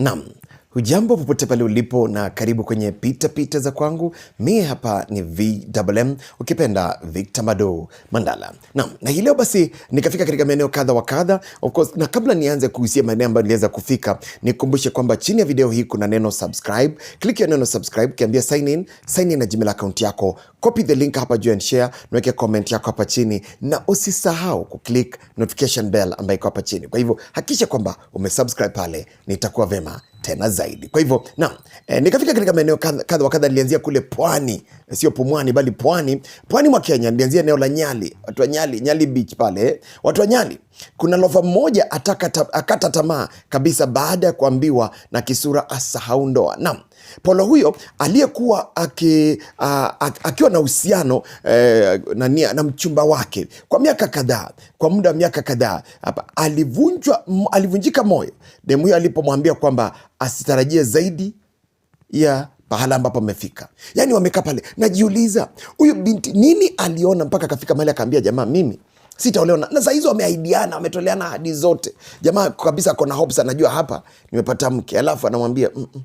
6. Hujambo popote pale ulipo na karibu kwenye pita pita za kwangu. Mie hapa ni VMM, ukipenda Victor Mado Mandala nam, na hii leo basi nikafika katika maeneo kadha wa kadha of course, na kabla nianze kuhusia maeneo ambayo niliweza kufika, nikukumbushe kwamba chini ya video hii kuna neno subscribe. Click ya neno subscribe, kiambia sign in, sign in na Gmail account yako, copy the link hapa juu and share, naweke comment yako hapa chini, na usisahau kuclick notification bell ambayo iko hapa chini. Kwa hivyo hakikisha kwamba umesubscribe pale, nitakuwa vema tena zaidi. Kwa hivyo na e, eh, nikafika katika maeneo kadha wa kadha. Nilianzia kule pwani, eh, sio Pumwani bali pwani, pwani mwa Kenya. Nilianzia eneo la Nyali, watu wa Nyali, Nyali Beach pale, watu wa Nyali. Kuna lofa mmoja atakata, akata tamaa kabisa baada ya kuambiwa na Kisura asahau ndoa. Naam, polo huyo aliyekuwa akiwa na uhusiano eh, na, na mchumba wake kwa miaka kadhaa, kwa muda wa miaka kadhaa, alivunjwa alivunjika moyo demu huyo alipomwambia kwamba asitarajie zaidi ya pahala ambapo amefika. Yani wamekaa pale, najiuliza huyu binti nini aliona mpaka akafika mahali akaambia jamaa, mimi sitaolewa na saa hizo. Wameahidiana, wametoleana ahadi zote, jamaa kabisa kona hopes, anajua hapa nimepata mke, alafu anamwambia mm -mm.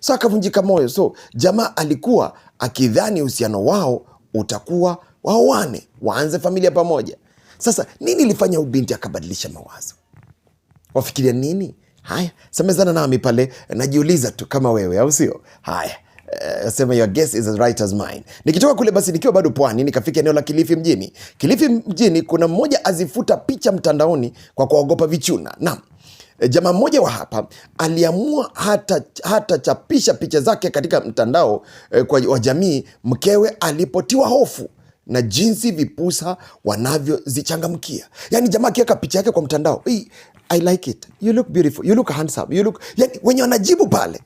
So akavunjika moyo. So jamaa alikuwa akidhani uhusiano wao utakuwa waoane, waanze familia pamoja. Sasa nini ilifanya huyu binti akabadilisha mawazo? Wafikiria nini? Haya, semezana nami pale, najiuliza tu kama wewe, au sio? Haya, eh, Sema your guess is as right as mine. Nikitoka kule basi, nikiwa bado pwani, nikafika eneo la Kilifi mjini. Kilifi mjini kuna mmoja azifuta picha mtandaoni kwa kuogopa vichuna. Naam, eh, jamaa mmoja wa hapa aliamua hata chapisha picha zake katika mtandao eh, kwa wa jamii mkewe alipotiwa hofu na jinsi vipusa wanavyozichangamkia. Yani jamaa akiweka picha yake kwa mtandao, I like it, you look beautiful, you look handsome, you look... yani wenye wanajibu pale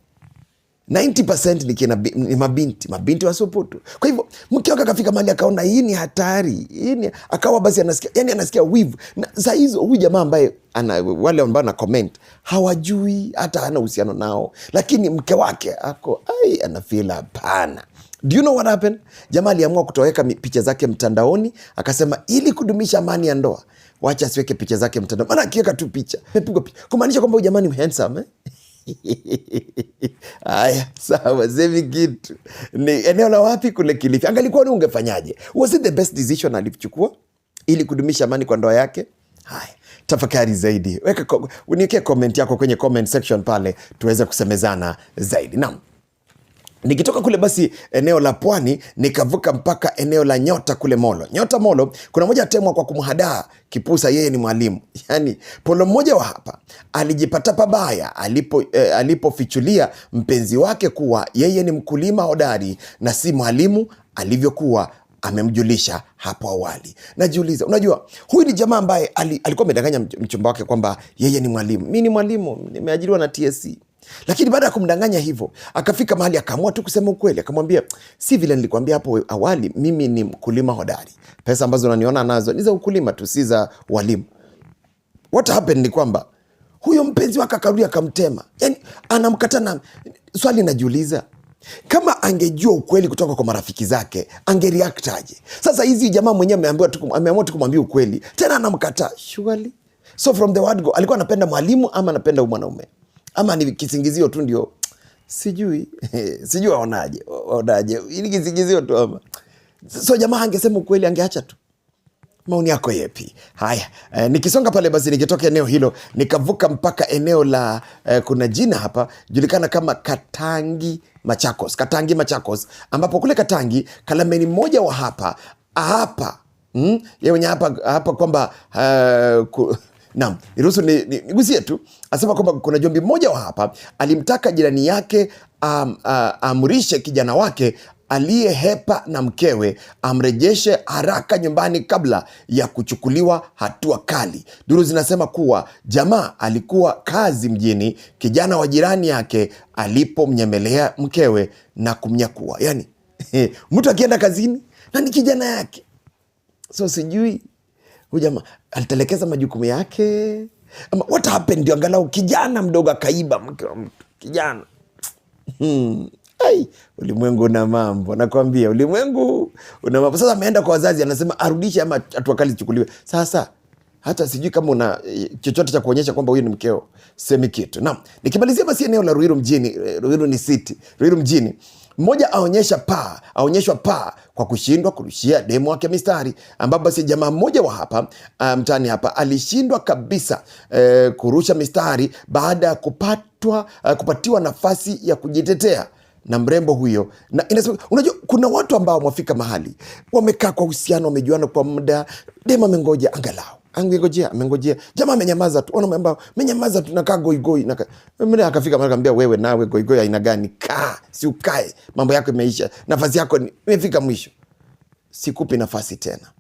90% ni, kina, ni mabinti mabinti wasioputu. Kwa hivyo mke wake akafika mahali akaona hii ni hatari hii ni, akawa basi anasikia, yani anasikia wivu saa hizo. Huyu jamaa ambaye ana, wale ambao na comment hawajui hata ana uhusiano nao, lakini mke wake ako ai anafila hapana. Do you know what happened? Jamaa aliamua kutoweka picha zake mtandaoni, akasema ili kudumisha amani ya ndoa, wacha asiweke picha zake mtandaoni, maana akiweka tu picha mepigwa picha kumaanisha kwamba huyu jamaa ni handsome eh? Haya, sawa. Semi kitu ni eneo la wapi? Kule Kilifi. Angalikuwa ni ungefanyaje? Was it the best decision alichukua ili kudumisha amani kwa ndoa yake? Haya, tafakari zaidi, weka uniwekee comment yako kwenye comment section pale, tuweze kusemezana zaidi. Naam. Nikitoka kule basi eneo la pwani nikavuka mpaka eneo la Nyota kule Molo. Nyota Molo kuna moja atemwa kwa kumhadaa kipusa, yeye ni mwalimu. Yaani polo mmoja wa hapa alijipata pabaya alipo eh, alipofichulia mpenzi wake kuwa yeye ni mkulima hodari na si mwalimu alivyokuwa amemjulisha hapo awali. Najiuliza, unajua huyu ni jamaa ambaye alikuwa amedanganya mchumba wake kwamba yeye ni mwalimu. Mi ni mwalimu, nimeajiriwa na TSC lakini baada ya kumdanganya hivyo, akafika mahali akaamua tu kusema ukweli, akamwambia, si vile nilikwambia hapo awali, mimi ni mkulima hodari, pesa ambazo unaniona nazo ni za ukulima tu, si za walimu. What happened ni kwamba huyo mpenzi wake akarudi akamtema, yani anamkata. Na swali najiuliza kama angejua ukweli kutoka kwa marafiki zake angeriaktaje? Sasa hizi jamaa mwenyewe ameamua tu kumwambia ukweli, tena anamkataa. Surely so from the word go, alikuwa anapenda mwalimu ama anapenda mwanaume? ama ni kisingizio tu ndio sijui sijui waonaje waonaje ili kisingizio tu ama so jamaa angesema ukweli angeacha tu maoni yako yepi haya e, nikisonga pale basi nikitoka eneo hilo nikavuka mpaka eneo la e, kuna jina hapa julikana kama katangi machakos katangi machakos ambapo kule katangi kalameni mmoja wa hapa hapa mm, yewenye hapa hapa kwamba uh, ku, Naam, niruhusu nigusie ni, ni tu asema kwamba kuna jombi mmoja wa hapa alimtaka jirani yake amrishe um, uh, kijana wake aliyehepa na mkewe amrejeshe haraka nyumbani kabla ya kuchukuliwa hatua kali. Duru zinasema kuwa jamaa alikuwa kazi mjini, kijana wa jirani yake alipomnyemelea mkewe na kumnyakua. Yani mtu akienda kazini na ni kijana yake, so sijui Hujama alitelekeza majukumu yake ama what happened? Ndio angalau kijana mdogo akaiba mke wa mtu kijana. Hmm. Ai, ulimwengu una mambo, nakwambia ulimwengu una mambo. Sasa ameenda kwa wazazi, anasema arudishe ama hatua kali zichukuliwe. Sasa hata sijui kama una eh, chochote cha kuonyesha kwamba huyu ni mkeo, semi kitu. Naam, nikimalizia basi eneo la Ruiru mjini, eh, Ruiru ni city, Ruiru mjini mmoja aonyesha paa aonyeshwa paa kwa kushindwa kurushia demu wake mistari, ambapo basi jamaa mmoja wa hapa ah, mtaani um, hapa alishindwa kabisa eh, kurusha mistari baada ya kupatwa uh, kupatiwa nafasi ya kujitetea na mrembo huyo na inasema, unajua kuna watu ambao wamefika mahali wamekaa kwa uhusiano, wamejuana kwa muda, dema amengoja angalau angengojea amengojea, jamaa amenyamaza tu, anaambia amenyamaza tu, nakaa goigoi. Mimi akafika mara kaambia, wewe nawe goigoi aina gani? Kaa, si ukae, mambo yako imeisha, nafasi yako imefika mwisho, sikupi nafasi tena.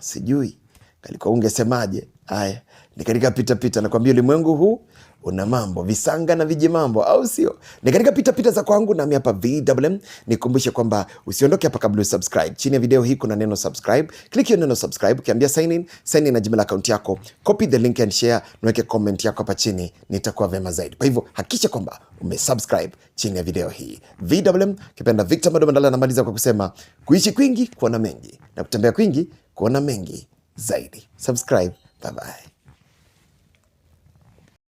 Sijui kalikuwa ungesemaje? Haya, ni katika pitapita. Nakwambia ulimwengu huu una mambo visanga na viji mambo, au sio? Ni katika pitapita za kwangu, nami hapa VMM. Nikumbushe kwamba usiondoke hapa kabla usubscribe. Chini ya video hii kuna neno subscribe, click hiyo neno subscribe, ukiambia sign in, sign in na jina la account yako, copy the link and share, niweke comment yako hapa chini, nitakuwa vema zaidi. Kwa hivyo hakikisha kwamba umesubscribe chini ya video hii. VMM kipenda Victor Mandala anamaliza kwa kusema kuishi kwingi kuona mengi na kutembea kwingi kuona mengi zaidi. Subscribe, bye bye.